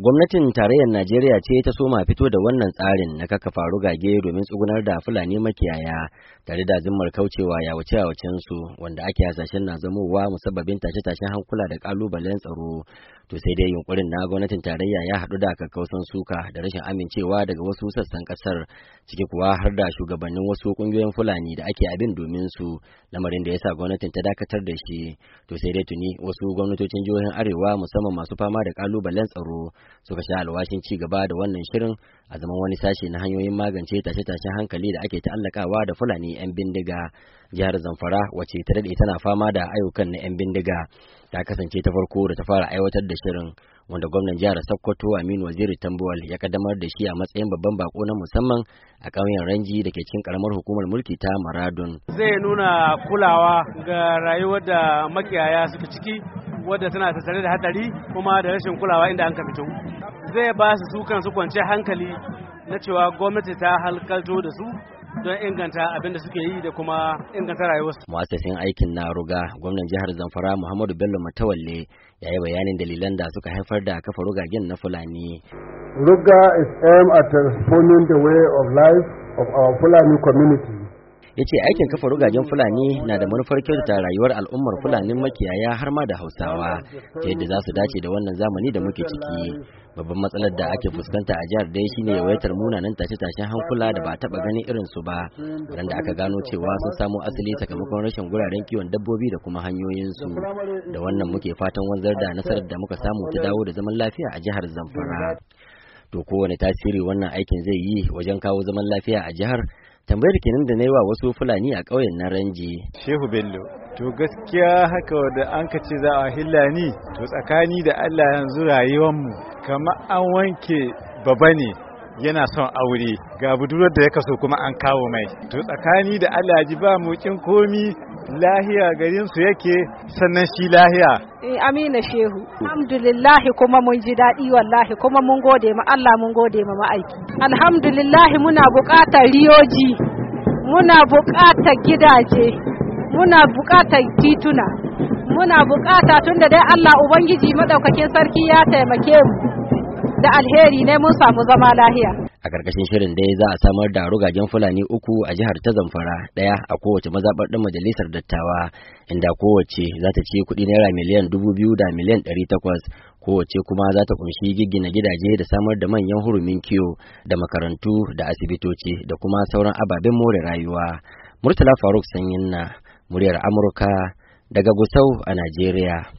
Gwamnatin tarayyar Najeriya ce ta soma fito da wannan tsarin na kaka faru gage domin tsugunar da Fulani makiyaya tare da zimmar kaucewa yawace yawacen su wanda ake hasashen na zamowa musabbabin tashe-tashen hankula da kalubalen tsaro. To sai dai yunkurin na gwamnatin tarayya ya haɗu da kakkausan suka da rashin amincewa daga wasu sassan ƙasar ciki kuwa har da shugabannin wasu ƙungiyoyin Fulani da ake abin domin su lamarin da yasa sa gwamnatin ta dakatar da shi. To sai dai tuni wasu gwamnatocin jihohin Arewa musamman masu fama da kalubalen tsaro suka sha alwashin ci gaba da wannan shirin a zaman wani sashe na hanyoyin magance tashe-tashen hankali da ake ta'allakawa da fulani 'yan bindiga jihar zamfara wacce ta daɗe tana fama da ayyukan na 'yan bindiga ta kasance ta farko da ta fara aiwatar da shirin wanda gwamnan jihar sokoto aminu waziri tambuwal ya kaddamar da shi a matsayin babban bako na musamman a ƙauyen ranji da ke cikin ƙaramar hukumar mulki ta maradun zai nuna kulawa ga rayuwar da makiyaya suka ciki wadda tana tattare da hatsari kuma da rashin kulawa inda an ka fito zai ba su su kansu kwanciyar hankali na cewa gwamnati ta halkalto da su don inganta abin da suke yi da kuma inganta rayuwarsu. Mu'assasin aikin na ruga gwamnan jihar Zamfara Muhammadu Bello Matawalle ya yi bayanin dalilan da suka haifar da kafa rugagen na Fulani. Ruga is aimed at the way of life of our Fulani community. ya ce aikin kafa rugajen fulani na da manufar kyautata rayuwar al'ummar fulanin makiyaya har ma da hausawa ta yadda za su dace da wannan zamani da muke ciki babban matsalar da ake fuskanta a jihar dai shine yawaitar munanan tashe-tashen hankula da ba taba ganin irin su ba da aka gano cewa sun samo asali sakamakon rashin guraren kiwon dabbobi da kuma hanyoyin su da wannan muke fatan wanzar da nasarar da muka samu ta dawo da zaman lafiya a jihar Zamfara to kowane tasiri wannan aikin zai yi wajen kawo zaman lafiya a jihar tambayar kenan da na yi wa wasu fulani a ƙauyen na ranji shehu bello to gaskiya haka da an ka ce za a hila ni, to tsakani da allah yanzu mu, kama an wanke baba ne yana son aure ga budurar da ya kaso kuma an kawo mai to tsakani da allah ji ba mokin komi lahiya garin su yake sannan shi lahiya eh, amina shehu alhamdulillah kuma mun ji daɗi wallahi kuma mun gode ma Allah mun gode ma ma'aiki alhamdulillah muna buƙatar riyoji muna buƙatar gidaje muna buƙatar tituna muna buƙata tunda dai Allah ubangiji madaukakin sarki ya taimake mu da alheri ne mun samu zama lahiya a karkashin shirin dai za a samar da rugagen fulani uku a jihar ta zamfara ɗaya a kowace mazaɓar ɗin majalisar dattawa inda kowace za ta ci kuɗi naira miliyan dubu biyu da miliyan ɗari takwas kowace kuma za ta kunshi giggina gidaje da samar da manyan hurumin kiwo da makarantu da asibitoci da kuma sauran ababen more rayuwa murtala faruk sanyin na muryar amurka daga gusau a najeriya